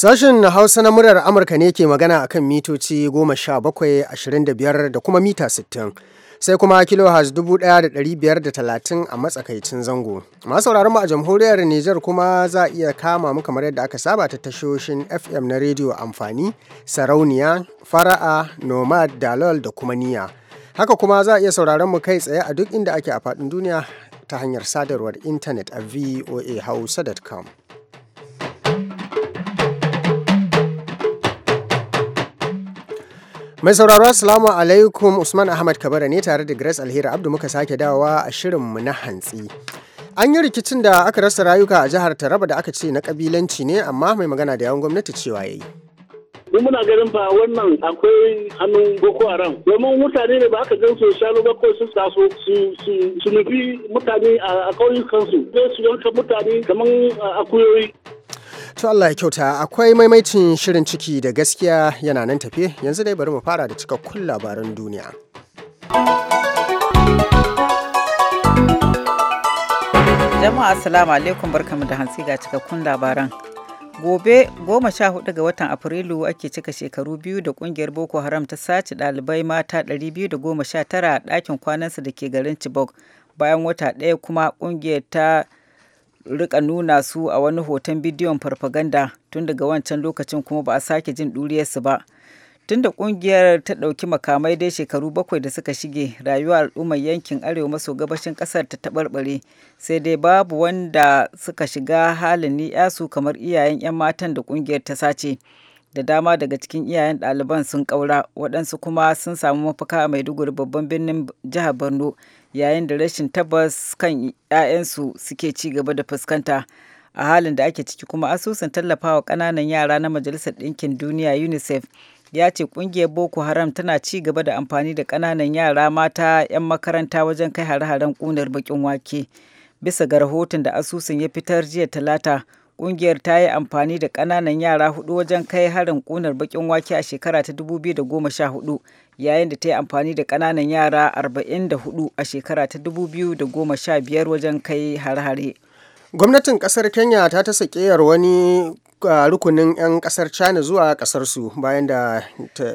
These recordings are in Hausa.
Sashen Hausa na murar Amurka ne ke magana a kan mitoci goma sha ashirin da kuma mita sittin, Sai kuma kilo dubu ɗaya biyar da talatin a matsakaicin zango. Masu mu a jamhuriyar Nijar kuma za a iya kama mu kamar yadda aka saba ta tashoshin FM na rediyo amfani, sarauniya, fara'a, nomad, dalol da kuma niya. Haka kuma za a iya sauraron mu kai tsaye a duk inda ake a faɗin duniya ta hanyar sadarwar intanet a voahausa.com. Mai sauraro Assalamu alaikum Usman Ahmad Kabara ne tare da Grace Alheri Abdu muka sake dawowa a shirin mu na hantsi. An yi rikicin da aka rasa rayuka a jihar Taraba da aka ce na kabilanci ne amma mai magana da yawan gwamnati cewa yi. Mu muna ganin ba wannan akwai hannun boko haram domin mutane ne ba aka gan su shanu ba ko sun taso su nufi mutane a ƙauyukansu sai su yanka mutane kamar akuyoyi To Allah ya kyauta akwai maimaitin shirin ciki da gaskiya yana nan tafe yanzu dai bari mu fara da cikakkun labaran duniya. Jama'a assalamu alaikum barkamu da hantsi ga cikakkun labaran. Gobe goma sha hudu ga watan Afrilu ake cika shekaru biyu da kungiyar Boko Haram ta sace ɗalibai mata da goma sha tara a ɗakin kwanansa da ke garin Chibok bayan wata ɗaya kuma kungiyar ta rika nuna su a wani hoton bidiyon farfaganda tun daga wancan lokacin kuma ba a sake jin ɗuriyarsu ba tun da kungiyar ta ɗauki makamai dai shekaru bakwai da suka shige rayuwar al'ummar yankin arewa maso gabashin ƙasar ta taɓarɓare sai dai babu wanda suka shiga halin yasu kamar iyayen 'yan matan da kungiyar ta sace da dama daga cikin iyayen ɗaliban sun ƙaura waɗansu kuma sun samu mafaka a maiduguri babban birnin jihar borno yayin da rashin tabbas kan 'ya'yansu suke ci gaba da fuskanta. A halin da ake ciki kuma asusun tallafawa kananan yara na Majalisar Ɗinkin Duniya UNICEF ya ce ƙungiyar Boko Haram tana ci gaba da amfani da ƙananan yara mata 'yan makaranta wajen kai hare-haren ƙunar bakin wake. Bisa ga rahoton da asusun ya fitar jiya talata, ƙungiyar ta yi amfani da ƙananan yara hudu wajen kai harin ƙunar bakin wake a shekara ta 2014 yayin da ta yi amfani da kananan yara 44 a shekara ta 2015 wajen kai har-hare. Gwamnatin kasar Kenya ta ta sakiyar wani rukunin 'yan kasar china zuwa kasarsu bayan da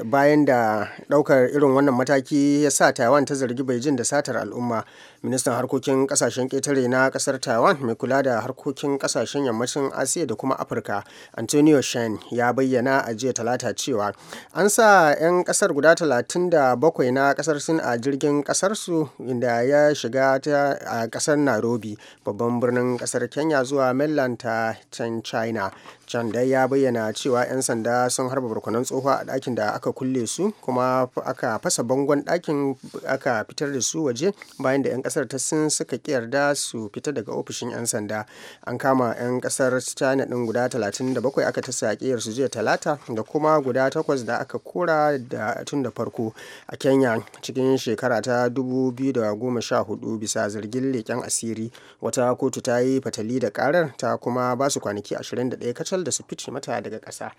bayan da daukar irin wannan mataki ya sa taiwan ta zargi beijing da satar al'umma ministan harkokin kasashen ƙetare na ƙasar taiwan mai kula da harkokin kasashen yammacin asiya da kuma afirka antonio shen ya bayyana a jiya talata cewa an sa 'yan ƙasar guda 37 na ƙasar sin a jirgin ƙasarsu inda ya shiga ta a ƙasar nairobi babban birnin ƙasar kenya zuwa mainland ta can china can dai ya bayyana cewa 'yan sanda sun harba barkonan tsohuwa a ɗakin da aka kulle su kuma aka fasa bangon ɗakin aka fitar da su waje bayan da 'yan kasar ta sin suka ki yarda su fita daga ofishin 'yan sanda an kama 'yan kasar china din guda 37 aka ta sakiyar su jiya talata da kuma guda takwas da aka kora da tun da farko a kenya cikin shekara ta 2014 bisa zargin leken asiri wata kotu ta yi fatali da karar ta kuma ba su kwanaki 21 kacal da su fice mata daga kasa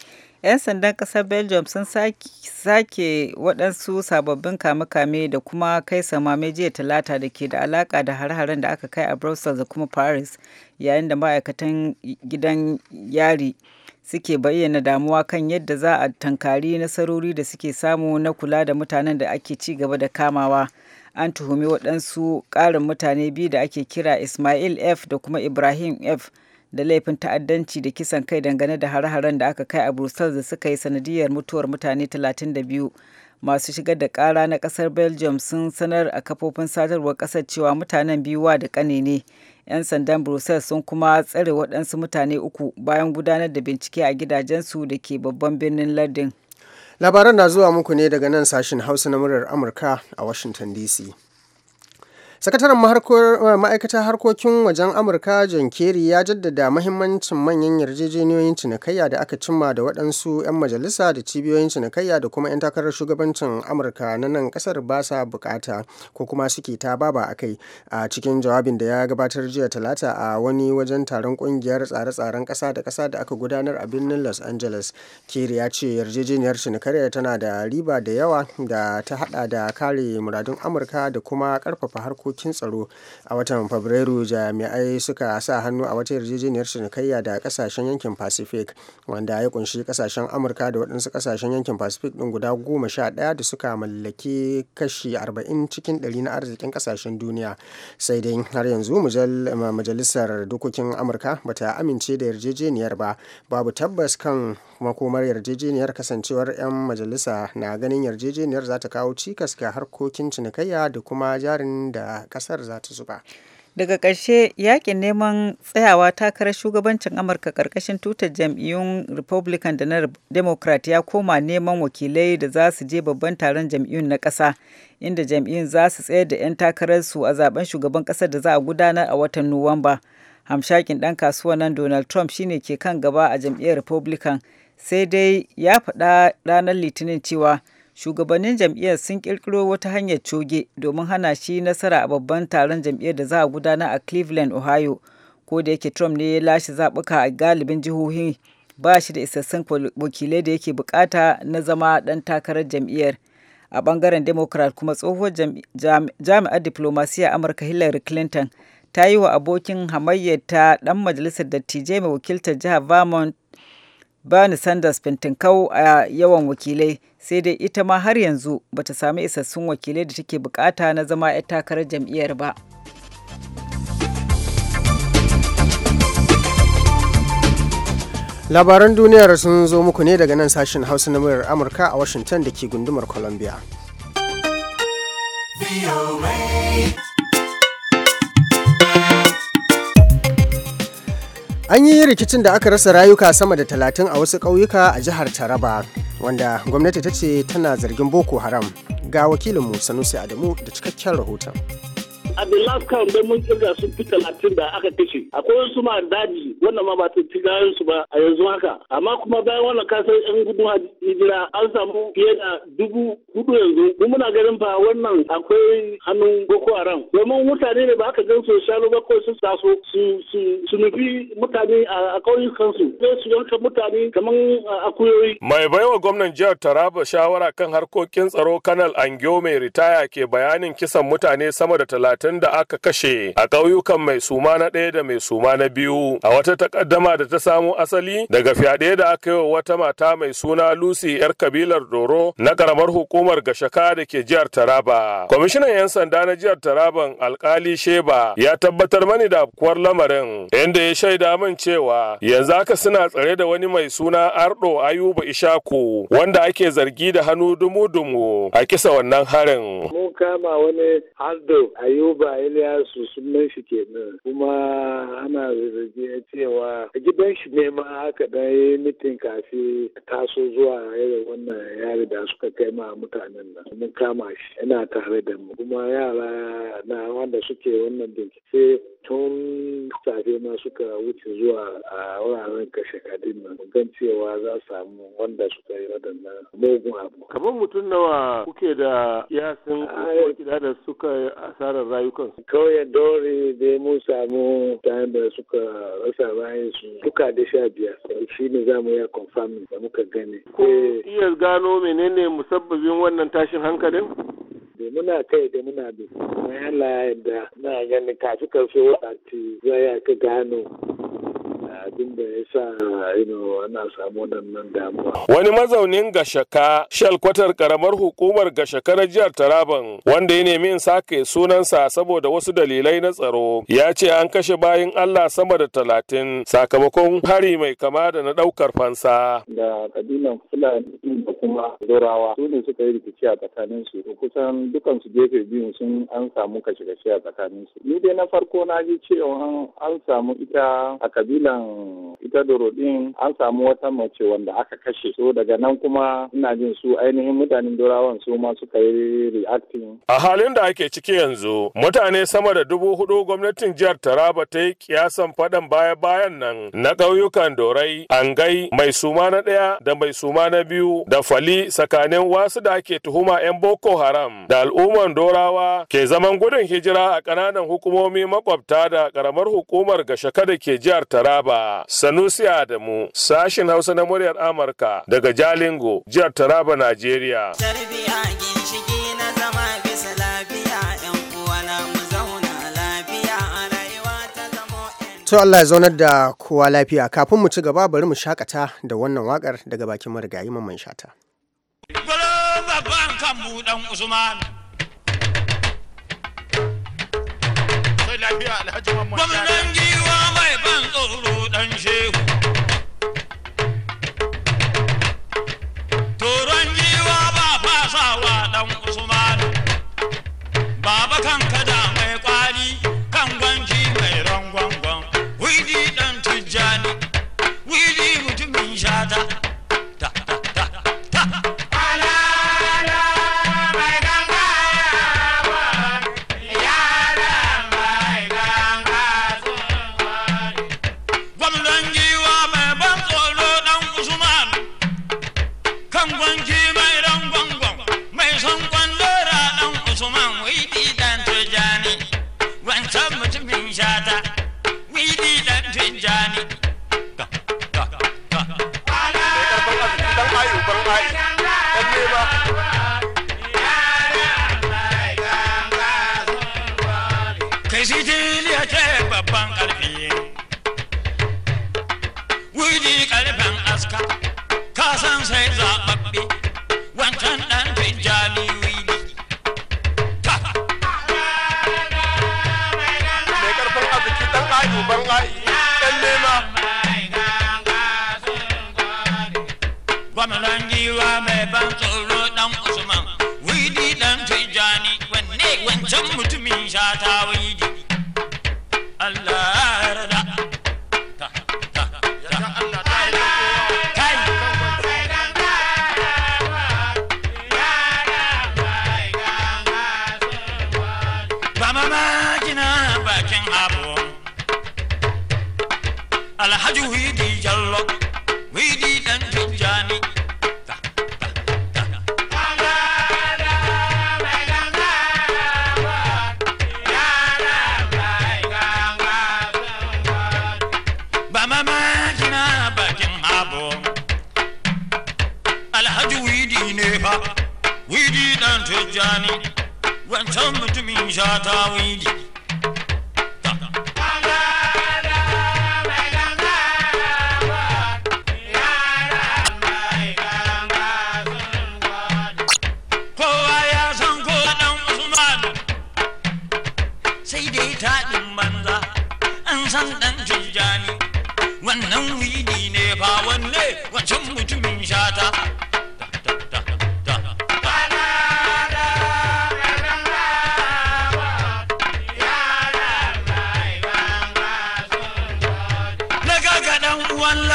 'yan sandan ƙasar belgium sun sake waɗansu sababbin kame-kame da kuma kai samame jiya talata da ke da alaka da har haren da aka kai a brussels da kuma paris yayin da ma'aikatan gidan yari suke bayyana damuwa kan yadda za a tankari nasarori da suke samu na kula da mutanen da ake ci gaba da kamawa an tuhumi waɗansu ƙarin mutane biyu da ake kira ismail f da kuma ibrahim f da laifin ta'addanci da kisan kai dangane da har haren da aka kai a brussels da suka yi sanadiyar mutuwar mutane 32 masu shigar da kara na kasar belgium sun sanar a kafofin sadarwar kasar cewa mutanen biyu wa da kane ne 'yan sandan brussels sun kuma tsare waɗansu mutane uku bayan gudanar da bincike a gidajensu da ke babban birnin lardin labaran na zuwa muku ne daga nan sashen hausa na murar amurka a washington dc Sakataren eh, ma'aikatar harkokin wajen Amurka John Kerry ya jaddada mahimmancin manyan yarjejeniyoyin cinikayya da aka cimma da waɗansu 'yan majalisa da cibiyoyin cinikayya da kuma 'yan takarar shugabancin Amurka na nan ƙasar ba sa bukata ko kuma suke ta baba a kai a cikin jawabin da ya gabatar jiya talata a wani wajen taron ƙungiyar tsare-tsaren ƙasa da ƙasa da aka gudanar a birnin Los Angeles. Kerry ya ce yarjejeniyar cinikayya tana da riba da yawa da ta haɗa da kare muradun Amurka da kuma ƙarfafa harkokin harkokin tsaro a watan fabrairu jami'ai suka sa hannu a wata yarjejeniyar cinikayya da kasashen yankin pacific wanda ya kunshi kasashen amurka da waɗansu kasashen yankin pacific ɗin guda goma sha ɗaya da suka mallaki kashi arba'in cikin ɗari na arzikin kasashen duniya sai dai har yanzu majalisar dokokin amurka bata amince da yarjejeniyar ba babu tabbas kan makomar yarjejeniyar kasancewar 'yan majalisa na ganin yarjejeniyar za ta kawo cikas ga harkokin cinikayya da kuma jarin da kasar za ta zuba daga karshe yakin neman tsayawa takarar shugabancin amurka ƙarƙashin tutar jam'iyyun republican da na democrat ya koma neman wakilai da za su je babban taron jam'iyyun na ƙasa inda jam'iyyun za su tsayar da 'yan takararsu a zaben shugaban ƙasar da za a gudanar a watan nuwamba hamshakin ɗan kasuwa nan donald trump shine ke kan gaba a jam'iyyar republican sai dai ya faɗa ranar litinin cewa shugabannin jam'iyyar sun kirkiro wata hanyar coge domin hana shi nasara a babban taron jam'iyyar da za a gudana a cleveland ohio ko da yake trump ne ya lashe zaɓuka a galibin jihohi ba shi da isassun wakilai da yake bukata na zama ɗan takarar jam'iyyar a ɓangaren democrat kuma tsohuwar jami'ar diplomasiya amurka hillary clinton ta yi wa abokin hamayyar ta ɗan majalisar dattijai mai wakiltar jihar vermont Bernie Sanders fintinkau a yawan wakilai sai dai ita ma har yanzu bata sami isassun wakilai da take bukata na zama 'yar takarar jam'iyyar ba. Labaran duniyar sun zo muku ne daga nan sashen Hausa na muryar Amurka a Washington da ke gundumar Columbia. An yi rikicin da aka rasa rayuka sama da talatin a wasu ƙauyuka a jihar Taraba, wanda gwamnati ta ce tana zargin Boko Haram. Ga wakilinmu Sanusi Adamu da cikakken rahoton. a the last count dai mun kirga sun fi talatin da aka kashe akwai wasu ma daji wannan ma ba ta ci su ba a yanzu haka amma kuma bayan wannan kasar yan gudun hijira an samu fiye da dubu hudu yanzu mun muna ganin fa wannan akwai hannun boko haram domin mutane ne ba aka gan su shanu ba ko sun taso su su nufi mutane a ƙauyukansu sai su yanka mutane kaman akuyoyi. mai baiwa gwamnan jihar taraba shawara kan harkokin tsaro kanal angio mai ritaya ke bayanin kisan mutane sama da talatin tun da aka kashe a ƙauyukan mai suma na ɗaya da mai suma na biyu a wata takaddama da ta samo asali daga fyaɗe da aka yi wa wata mata mai suna Lucy 'yar kabilar Doro na ƙaramar hukumar Gashaka da ke jihar Taraba. Kwamishinan 'yan sanda na jihar Taraban alkali Sheba ya tabbatar mani da afkuwar lamarin inda ya shaida min cewa yanzu haka suna tsare da wani mai suna Ardo Ayuba Ishaku wanda ake zargi da hannu dumu-dumu a kisa wannan harin. Mun kama wani Ardo Ayuba Iliyasu sun sunan shi kenan kuma ana zargin cewa a gidan shi ne ma aka dan yi mitin kafi taso zuwa yadda wannan yari da suka kai ma mutanen nan mun kama shi yana tare da mu kuma yara na wanda suke wannan bincike tun safe ma suka wuce zuwa a wuraren kashe kadin nan gan cewa za samu wanda suka yi waɗannan mugun abu kamar mutum nawa kuke da yasin ko da suka asarar rayukan kauyen dori da mun samu ta da suka rasa bayan su duka da sha biyar shi ne za mu ya confirming da muka gane ko eh. iya gano menene musabbabin wannan tashin hankalin da muna kai da muna bi mai Allah ya yarda na gani kafin karfe wata ce za ya ka gano abin da ya sa ana samu nan damuwa. Wani mazaunin gashaka shalkwatar karamar hukumar na jihar Taraban wanda ya nemi in sake sunansa saboda wasu dalilai na tsaro ya ce an kashe bayan Allah sama da talatin sakamakon hari mai kama da na ɗaukar fansa. Da kabilan Fulani da kuma Zorawa su ne suka yi rikici a tsakanin su kusan dukan su gefe biyun sun an samu kashe-kashe a tsakanin su. Ni dai na farko na ji cewa an samu ita a kabilan ita doro din an samu wata mace wanda aka kashe so daga nan kuma ina jin su ainihin mutanen dorawan su ma suka yi reacting a halin da ake ciki yanzu mutane sama da dubu hudu gwamnatin jihar taraba ta yi kiyasan fadan baya bayan nan na ƙauyukan dorai angai mai suma na ɗaya da mai suma na biyu da fali tsakanin wasu da ake tuhuma 'yan boko haram da al'umman dorawa ke zaman gudun hijira a ƙananan hukumomi makwabta da ƙaramar hukumar gashaka da ke jihar taraba ba. Sanusi Adamu, sashin Hausa na muryar Amurka daga Jalingo, jihar Taraba, Najeriya. To Allah ya zaunar da kowa lafiya kafin mu ci gaba bari mu shakata da wannan wakar daga bakin marigayi man shata. Gwamnan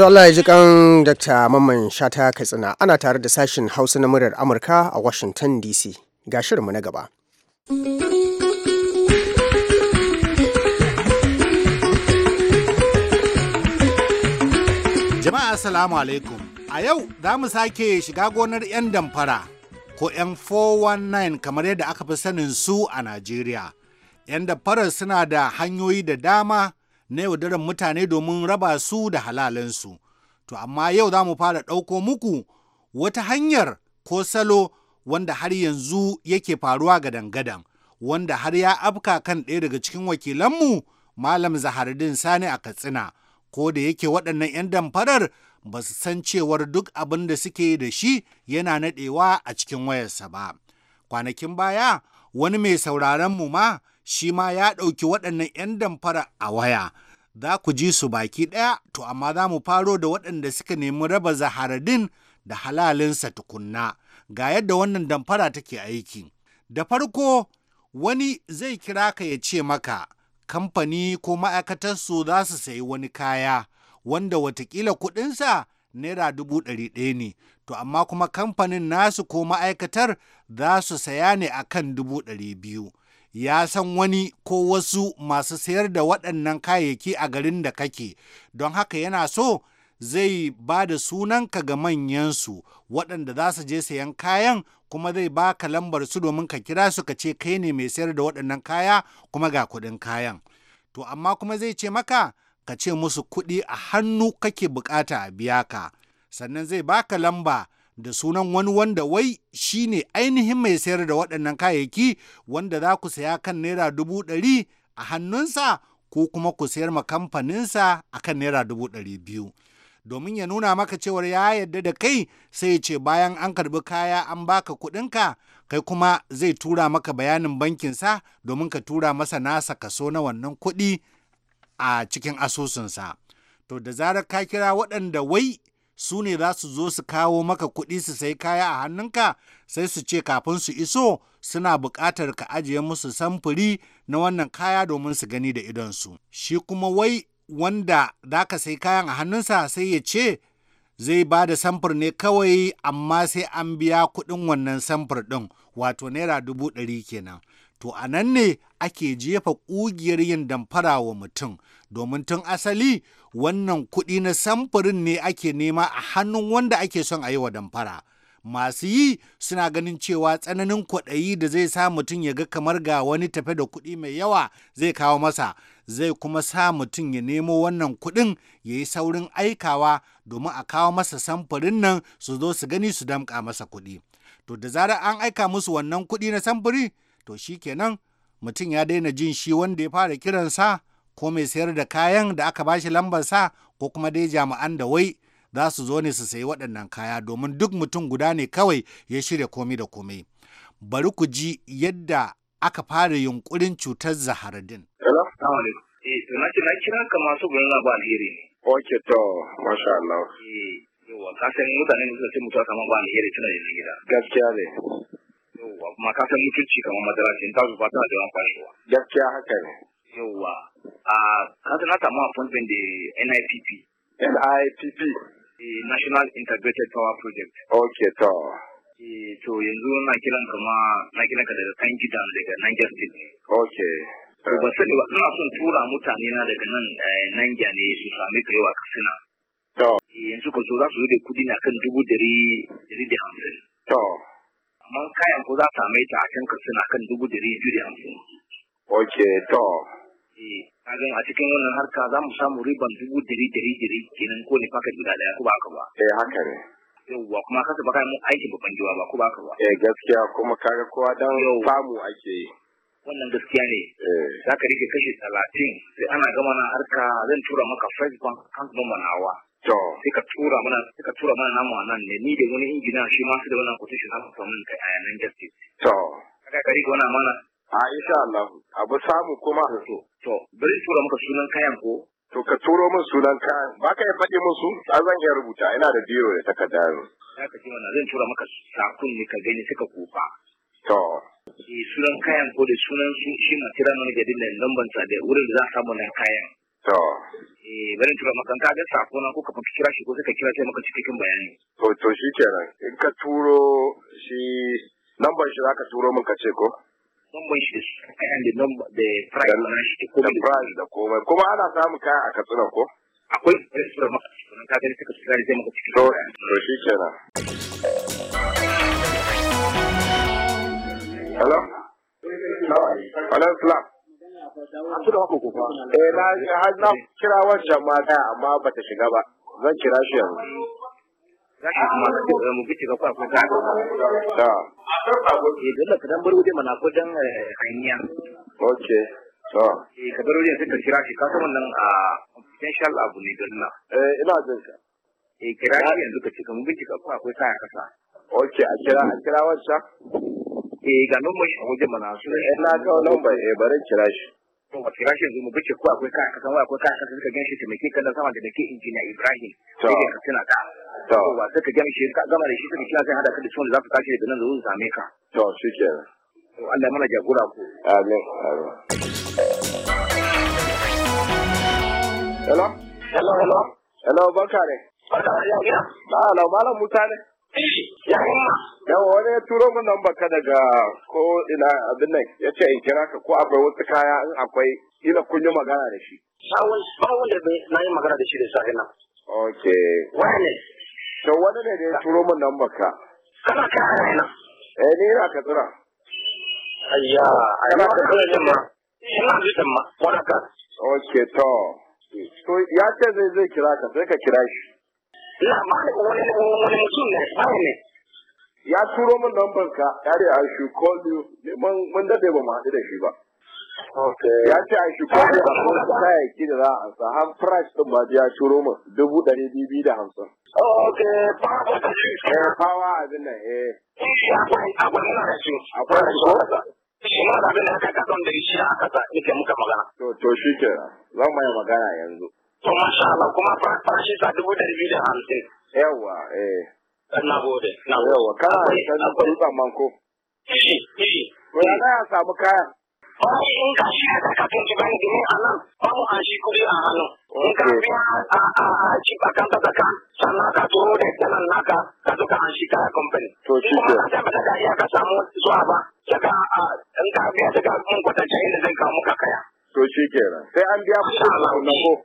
To Allah ya ji kan Dr. Mamman Shata Katsina ana tare da sashin Hausa na muryar Amurka a Washington DC. Ga shirinmu na gaba. Jama'a Assalamu alaikum. A yau za mu sake shiga gonar 'yan damfara ko 'yan 419 kamar yadda aka fi sanin su a Najeriya. 'Yan damfarar suna da hanyoyi da dama na yaudarar mutane domin raba su da halalansu. To amma yau za mu fara ɗauko muku wata hanyar ko salo wanda har yanzu yake faruwa ga dangadan wanda har ya afka kan ɗaya daga cikin wakilanmu Malam Zahardin Sani a Katsina, ko da yake waɗannan 'yan damfarar ba su san cewar duk abin da suke da shi yana naɗewa a cikin wayarsa ba. Kwanakin baya, wani mai sauraron mu ma shi ma ya ɗauki waɗannan 'yan damfara a waya. Za ku ji su baki ɗaya, to amma za mu faro da waɗanda suka nemi raba zaharadin da halalinsa tukunna. Ga yadda wannan damfara take aiki. Da farko, wani zai kira ka ya ce maka, kamfani ko ma'aikatarsu za su sayi wani kaya, wanda watakila kuɗinsa naira dubu ɗari ɗaya ne to amma kuma kamfanin nasu ko ma'aikatar za su saya ne a kan dubu ɗari biyu ya san wani ko wasu masu sayar da waɗannan kayayyaki a garin da kake don haka yana so zai ba da sunanka ga manyansu waɗanda za su je sayan kayan kuma zai ba ka lambar su domin ka kira su ka ce kai ne mai sayar da waɗannan kaya kuma ga kuɗin kayan to amma kuma zai ce maka ka ce musu kuɗi a hannu kake bukata a biya ka sannan zai baka lamba da sunan wani wanda wai shi ne ainihin mai sayar da waɗannan kayayyaki wanda za ku saya kan naira dubu ɗari a hannunsa ko kuma ku sayar ma kamfaninsa a kan naira dubu ɗari biyu domin ya nuna maka cewar ya yarda da kai sai ce bayan an karbi kaya an baka kuɗinka kai kuma zai tura maka bayanin bankinsa domin ka tura masa nasa kaso na wannan kuɗi a cikin asusunsa to da zarar ka kira waɗanda wai su ne za su zo su kawo maka kuɗi su sai kaya a hannunka sai su ce kafin su iso suna buƙatar ka ajiye musu samfuri na wannan kaya domin su gani da idonsu shi kuma wai wanda za ka sai kayan a hannunsa sai ya ce zai ba da samfur ne kawai amma sai an biya kuɗin wannan samfur ɗin wato naira dubu ɗari kenan to a nan ne ake jefa ƙugiyar yin damfara wa mutum domin tun asali wannan kuɗi na samfurin ne ake nema a hannun wanda ake son a yi wa damfara masu yi suna ganin cewa tsananin kwaɗayi da zai sa mutum ya ga kamar ga wani tafe da kuɗi mai yawa zai kawo masa zai kuma sa mutum ya nemo wannan kuɗin ya yi saurin aikawa domin a kawo masa samfurin nan su zo su gani su damƙa masa kuɗi to da zarar an aika musu wannan kuɗi na samfuri to shi kenan mutum ya daina jin shi wanda ya fara kiransa ko mai sayar da kayan da aka bashi lambarsa ko kuma dai jami'an da wai za su zo ne su sayi waɗannan kaya domin duk mutum guda ne kawai ya shirya komai da komai bari ku ji yadda aka fara yunkurin cutar zaharadin. Eh, ok to, masha Allah. Eh, ka mutane ne suka ce mutuwa kamar ba alheri tana yanzu gida. Gaskiya ne. yauwa kuma ka san mutunci kamar madara ta zuba ta da yawan kwashewa gaskiya haka ne yauwa a ka san ta ma fundin da NIPP NIPP eh, National Integrated Power Project okay to eh, to yanzu na kiran kama na kiran ka daga kan gidan daga Niger State okay to ba sani ba ina son tura mutane na daga nan eh, Niger ne su sami kaiwa kasina to yanzu ko so za su yi da kudi na kan dubu dari dari da hamsin to amma kayan ko za ta mai ta a can suna kan dubu dari biyu da hamsin. ok to. Eh, kajin a cikin wannan harka za mu samu riban dubu dari dari dari kenan ko ne fakat guda daya ko ba haka ba. eh haka ne. yauwa kuma kasa kai mun aiki babban jiwa ba ko ba ka ba. eh gaskiya kuma kaga kowa dan samu ake yi. wannan gaskiya ne eh. za ka rike kashi talatin sai ana gama na harka zan tura maka Facebook kan account manawa. to sai tura mana sai ka tura mana namu nan ne ni da wani injina shi ma su da wannan za su samu kai a yanan gaske. to kaga kari ga wannan mana a insha Allah abu samu kuma to to bari tura maka sunan kayan ko to ka turo min sunan kayan ba ka faɗi musu a zan iya rubuta ina da biro da takarda Ya ka ji wannan zan tura maka sakun ne ka gani suka kofa to sunan kayan ko da sunan shi material manager din nan lambanta da wurin da za a samu na kayan to eh tura maka ka ga sako na ko ka fa kira shi ko suka kira sai maka cikin bayani to to shi kenan in ka turo shi lambar shi zaka turo min ka ce ko lambar shi and the number the price na shi ko the price da komai kuma ana samu kaya a katsina ko akwai tura maka sunan ka gani suka kira sai maka cikin bayani to shi kenan hello Hello, Hello. su da mako kufa eh na har na kira wancan mata amma ba ta shiga ba zan kira shi yanzu zaka kuma mu bi shiga kwa kuta ta eh dole ka dan bar waje mana ko dan eh, hanya okay to eh ka bar waje sai ka kira shi ka san wannan a ah, potential abu ne dalla eh ina jin ka eh kira shi yanzu ka ce ka mu bi shiga kwa kuta ya kasa okay a kira a kira wancan eh ga shi a waje mana su eh na kawo nan bai eh bari kira shi to ba kira shi zo mu ko akwai kan kasan waya akwai kan kasan suka ganshi ta meke kallon sama da dake injiniya Ibrahim sai ka tuna ka to wa suka gamshe ka gama da shi suka kira sai hada ka da ciwon za ka tashi daga nan zuwa same ka to shikenan Allah mana jagora ku amin amin hello hello hello hello malam mutane yawa wani ya turo min nan baka daga ko ina abin nan ya ce in kira ka ko akwai wasu kaya in akwai ina kun yi magana da shi. Sawun sawun da na yi magana da shi da safe nan. Ok. Wani. To wani ne da ya turo min nan baka. Kana ka hana Eh ni ina ka tsira. Ayya, ayya ka tura din ma. Ina ji din ma. Wani ka. Ok to. Hmm. To ya ce zai zai kira ka sai ka kira shi. ina ma wani wani mutum ne ba ne ya turo min lambar ka ya ce I should call you mun dade ba mu haɗu da shi ba ya ce a shi call you akwai kayayyaki da za a ansa har price din ma ya turo min dubu ɗari biyu biyu da hamsin. Oh, ok power eh, power abin nan eh. eh akwai abin nan shi akwai shi shi ma abin da aka kasan da shi aka sa nake muka magana. to to shi ke Zan maye magana yanzu. to masha Allah kuma farashi sa dubu biyu da hamsin. Yawa eh. Na gode. Na gode. Yawwa kana da manko. Ishi ishi. Wani na ya samu kayan. Wani in ka shi da kafin a nan ba mu an shi a hannu. In ka biya a ci bakan ta zaka sannan ka turo ka zuka an kaya kamfani. To shi ke. Kuma ka da iya ka samu zuwa ba. Daga ka biya daga ka kwatanta inda zan kawo muka kaya. To shi kenan sai an biya kuɗi a nan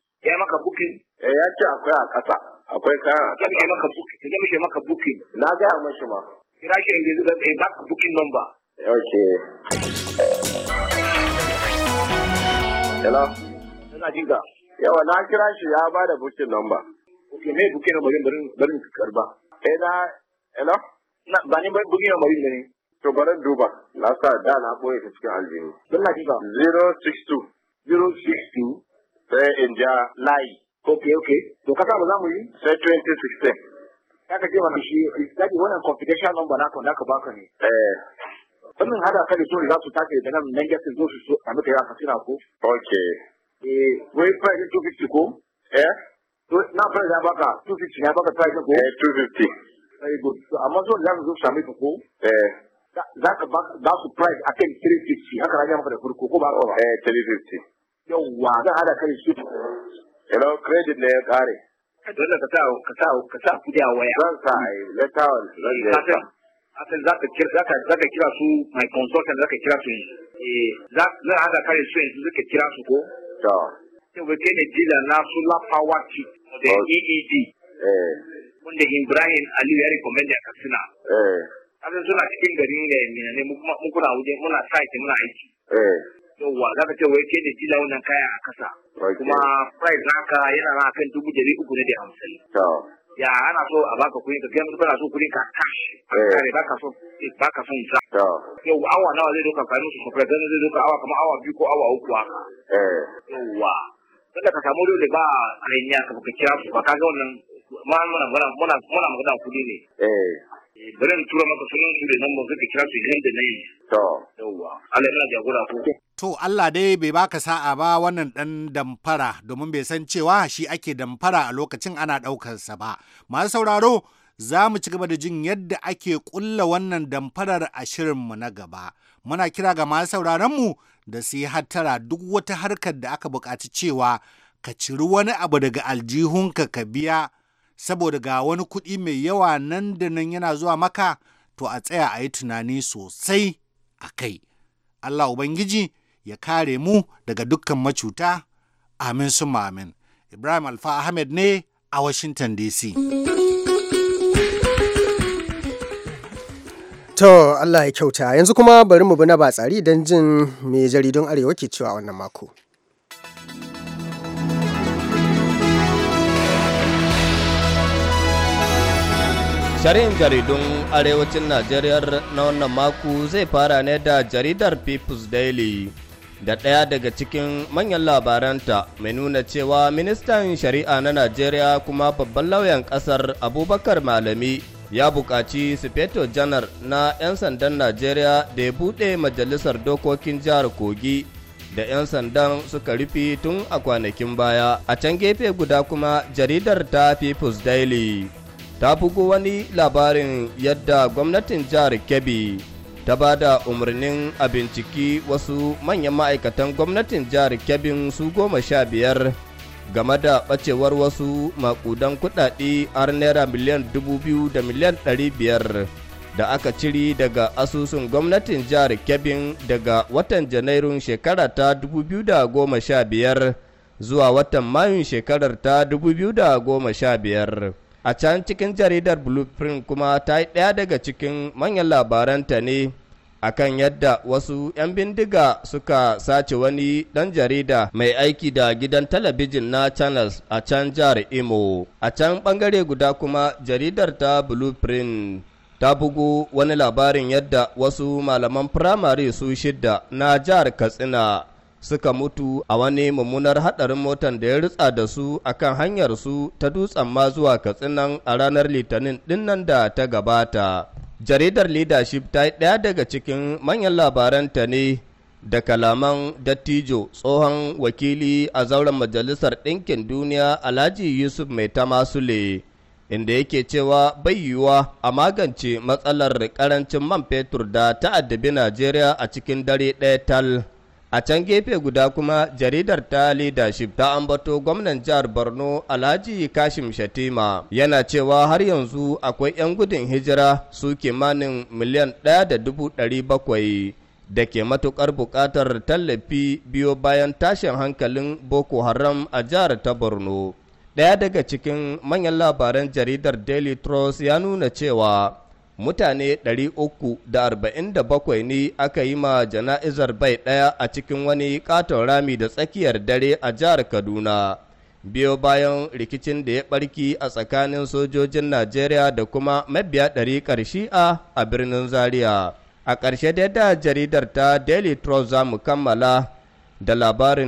ya maka bukin eh, ya ce akwai a kasa akwai kayan a ƙasa ya maka booking ya mishi maka booking na ga ya mishi ma kira shi inda da zai ba ka bukin number okay hello ina jin ka yawa na kira shi ya ba da booking number okay me booking number bari bari karba eh na hello na ba ni bari bukin number ne to bari duba na sa da na boye cikin aljini ina jin ka 062 062 sai in ja layi. Ok, ok. To kasa ba za mu yi? Sai 2016. Zaka ce mana shi, zaki wannan confidential number naka wanda ka baka ne. Eh. Wannan hada ka da za su take da nan nan gasin zo su so a muka ya a fasina ko? Ok. Eh, wai fa 250 ko? Eh. To na fa da baka 250 ya baka price ko? Eh, 250. Very good. So amma so da zo su samu ko? Eh. za ka ba su price akan 350 haka rage maka da farko ko ba ba eh 350 yawwa zan hada kai shi ina credit ne ya kare dole ka sa ka sa ka sa kudi a waya zan sa ai na tawon zan je eh, ka asan zaka kira zaka zaka kira su my consultant ka kira su eh za zan hada kai su yanzu ka kira su ko to sai wake ne dila na solar power kit. da EED wanda Ibrahim Aliyu ya recommend a Katsina eh abin suna cikin gari ne ne mu kuma mun waje muna site muna aiki eh. yawwa za ka ce wai ke da jila wannan kaya a kasa kuma price naka yana na kan dubu dari uku ne da hamsin ya ana so a baka kuɗi ka kai musu bana so kuɗi ka cash eh. kare baka so baka son za yau awa nawa zai doka kanu su sofra gani zai doka awa kamar awa biyu ko awa uku haka eh. yawwa tunda ka samu dole ba hanya ka baka kira su ba ka ga wannan muna muna muna muna magana kuɗi ne eh. bari in tura maka sunan su da nan ba zai kira su yanda nan yi yawwa Allah yana jagora ko To Allah dai bai baka sa'a ba wannan ɗan damfara domin bai san cewa shi ake damfara a lokacin ana ɗaukarsa ba. Masu sauraro za mu ci gaba da jin yadda ake ƙulla wannan damfarar a mu na gaba. Muna kira ga masu sauraronmu da su yi hattara duk wata harkar da aka buƙaci cewa ka ciri wani abu daga aljihunka ka biya saboda ga wani kuɗi mai yawa nan da nan yana zuwa maka to a tsaya a yi tunani sosai a kai. Allah Ubangiji ya kare mu daga dukkan macuta amin su amin ibrahim alfa ahmed ne a washington dc to allah ya kyauta yanzu kuma bari mu bi na batsari don jin mai jaridun arewa ke cewa wannan mako Sharin jaridun Arewacin Najeriya na wannan mako zai fara ne da jaridar People's Daily da ɗaya daga cikin manyan labaranta mai nuna cewa ministan shari'a na najeriya kuma babban lauyan ƙasar abubakar malami ya buƙaci sufeto janar na 'yan sandan najeriya da ya buɗe majalisar dokokin jihar kogi da 'yan sandan suka rufe tun a kwanakin baya a can gefe guda kuma jaridar ta people's daily ta bugu wani labarin yadda gwamnatin jihar kebbi ta ba da umarnin a binciki wasu manyan ma'aikatan gwamnatin jihar Kebin su goma sha biyar game da ɓacewar wasu makudan kuɗaɗe har naira miliyan dubu biyu da miliyan ɗari biyar da aka ciri daga asusun gwamnatin jihar Kebin daga watan Janairun shekara ta dubu biyu da goma sha biyar zuwa watan Mayun shekarar ta dubu biyu da goma sha biyar. a can cikin jaridar blueprint kuma ta yi ɗaya daga cikin manyan labaranta ne akan yadda wasu 'yan bindiga suka sace wani ɗan jarida mai aiki da gidan talabijin na channels a can jihar imo a can ɓangare guda kuma jaridar ta blueprint ta bugu wani labarin yadda wasu malaman firamare su shidda na jihar katsina suka mutu a wani mummunar haɗarin motar da ya rutsa da su akan hanyar su ta dutsen ma zuwa katsinan a ranar litinin dinnan da ta gabata jaridar leadership ta yi ɗaya daga cikin manyan labaranta ne da kalaman dattijo tsohon wakili a zauren majalisar ɗinkin duniya alhaji yusuf mai tamasule inda yake cewa bai yiwuwa a magance matsalar karancin man fetur da ta'addabi najeriya a cikin dare ɗaya tal A can gefe guda kuma jaridar ta leadership ta ambato gwamnan jihar Borno Alhaji Kashim Shatima yana cewa har yanzu akwai 'yan gudun hijira su kimanin miliyan ɗaya da dubu ɗari bakwai da ke matukar buƙatar tallafi biyo bayan tashin hankalin Boko Haram a jihar ta Borno. Ɗaya daga cikin manyan labaran jaridar Daily Trust ya nuna cewa mutane 347 ne aka yi ma jana'izar bai ɗaya a cikin wani katon rami da tsakiyar dare a jihar Kaduna. Biyo bayan rikicin da ya ɓarki a tsakanin sojojin Najeriya da kuma mabiya ɗari shi'a a birnin Zaria. A ƙarshe dai da jaridar ta Daily Trust za mu kammala da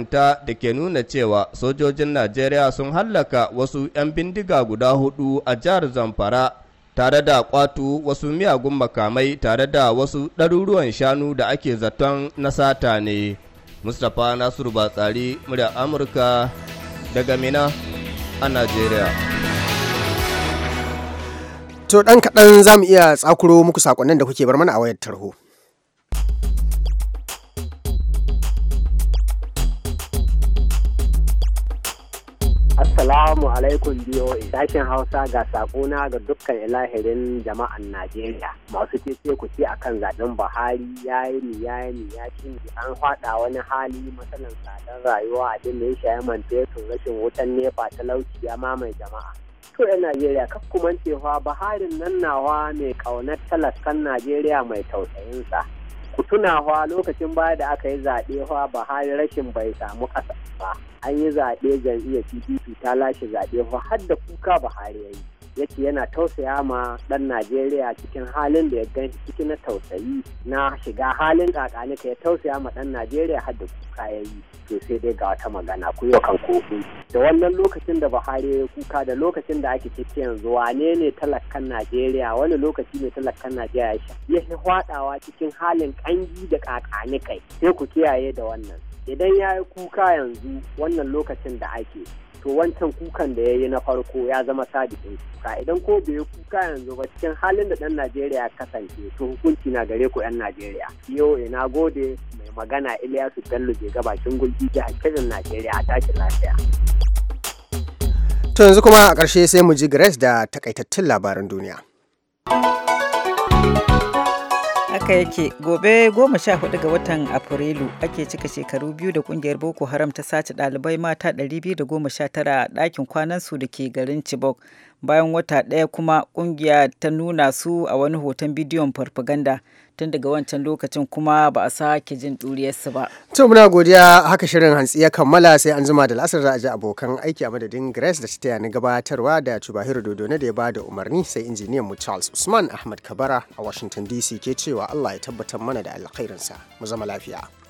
ta da ke nuna cewa sojojin Najeriya sun hallaka wasu 'yan bindiga guda hudu a jihar Zamfara tare da kwato wasu miyagun makamai tare da wasu ɗaruruwan shanu da ake zaton na sata ne mustapha nasiru batsari murya amurka daga mina a najeriya to ɗan kaɗan za mu iya tsakuro muku sakonnin da kuke bar mana a wayar tarho Assalamu alaikum biyo! sashen Hausa ga sakona ga dukkan ilahirin jama'an Najeriya masu cece ku ce kan zaɓen Buhari ya yi ni ya yi ni ya ci ni an faɗa wani hali matsalan tsadar rayuwa a da ya shaye man rashin wutan nefa talauci ya mamaye jama'a. To yan Najeriya kaf ku cewa fa nan nawa mai ƙaunar talakan Najeriya mai tausayinsa. ku tuna fa lokacin baya da aka yi zaɓe fa Buhari rashin bai samu ƙasa ba an yi zaɓe jam'iyyar PDP ta lashe zaɓe fa har da kuka Buhari ya yi yake yana tausaya ma ɗan Najeriya cikin halin da ya gan cikin na tausayi na shiga halin kakani ya tausaya ma ɗan Najeriya har da kuka ya yi to sai dai ga wata magana ku yi kan kofi da wannan lokacin da Buhari ya kuka da lokacin da ake ciki yanzu wane ne talakan Najeriya wani lokaci ne talakan Najeriya ya fi hwadawa cikin halin kangi da kakani sai ku kiyaye da wannan idan ya yi kuka yanzu wannan lokacin da ake to wancan kukan da ya yi na farko ya zama sadiƙin kuka idan ko bai yi kuka yanzu ba cikin halin da ɗan najeriya kasance to hukunci na gare ku 'yan najeriya yau ina gode mai magana iliyasu bello ke gabashin gulki jihar kebin najeriya a tashin lafiya to yanzu kuma a ƙarshe sai mu ji grace da takaitattun labaran duniya. haka yake gobe 14 ga watan afrilu ake cika shekaru biyu da kungiyar boko haram ta sace dalibai mata 219 a ɗakin kwanansu da ke garin chibok bayan wata ɗaya kuma ƙungiya ta nuna su a wani hoton bidiyon farfaganda tun daga wancan lokacin kuma ba a sake jin ɗuriyarsu ba. To muna godiya haka shirin hantsi ya kammala sai an zuma da la'asar za a ji abokan aiki a madadin Grace da ta ni gabatarwa da dodo na da ya bada umarni sai injiniyan mu Charles Usman Ahmad Kabara a Washington DC ke cewa Allah ya tabbatar mana da alkhairinsa mu zama lafiya.